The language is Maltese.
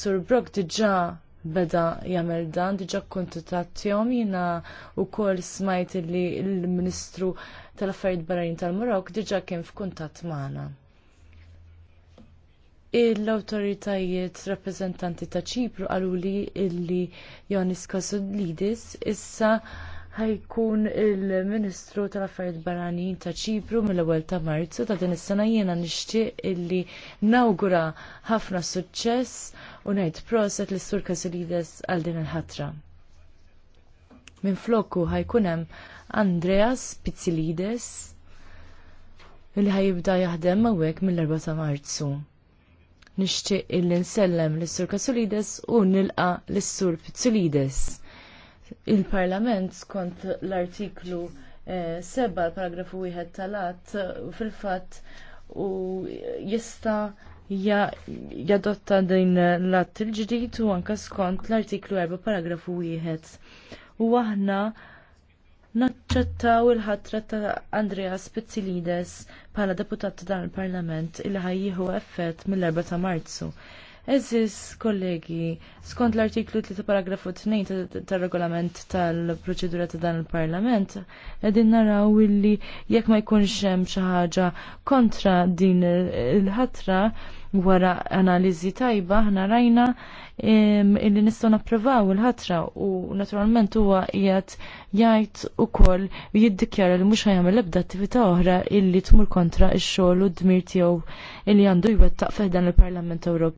Sur Brock diġa beda jagħmel dan, diġa kontutattjom jina u kol smajt li l-Ministru tal-Affarijiet Barranin tal-Marok diġa kien f'kuntatt magħna. L-autoritajiet rappreżentanti ta' Ċipru qalu li illi Jonis Lidis issa ħajkun il-Ministru tal-Affarijiet Barranin ta' Ċipru mill-ewwel ta' Marzu ta' din is-sena jiena nixtieq illi nawgura ħafna suċċess u ngħid proset lis sur Kasilides għal din il-ħatra. Min flokku ħajkunem Andreas Pizzilides li ħajibda jaħdem mawek mill-4 ta' Marzu. Nixtieq illi nsellem lis sur Kasilides u nilqa lis sur Pizzilides. Il-Parlament skont l-artiklu 7 eh, l-paragrafu wieħed tal-att fil-fatt u jista' Ja jadotta din l-att il-ġdid u anka skont l-artiklu 4 paragrafu 1. U aħna naċċettaw il-ħatra ta' Andrea Spezzilides bħala deputat ta' dan il-Parlament il ħajjiħu effett mill-4 ta' Marzu. Eżis, kollegi, skont l-artiklu 3 paragrafu 2 tal-regolament tal-proċedura ta' dan il-parlament, edin naraw illi jekk ma jkunx hemm xi ħaġa kontra din il-ħatra wara analiżi tajba ħna rajna illi nistgħu napprovaw il-ħatra u naturalment huwa qiegħed jgħid ukoll jiddikjara li mhux ħajjagħmel ebda attività oħra illi tmur kontra x-xogħol u d-dmir tiegħu illi għandu jwettaq fih dan il-Parlament Ewropew.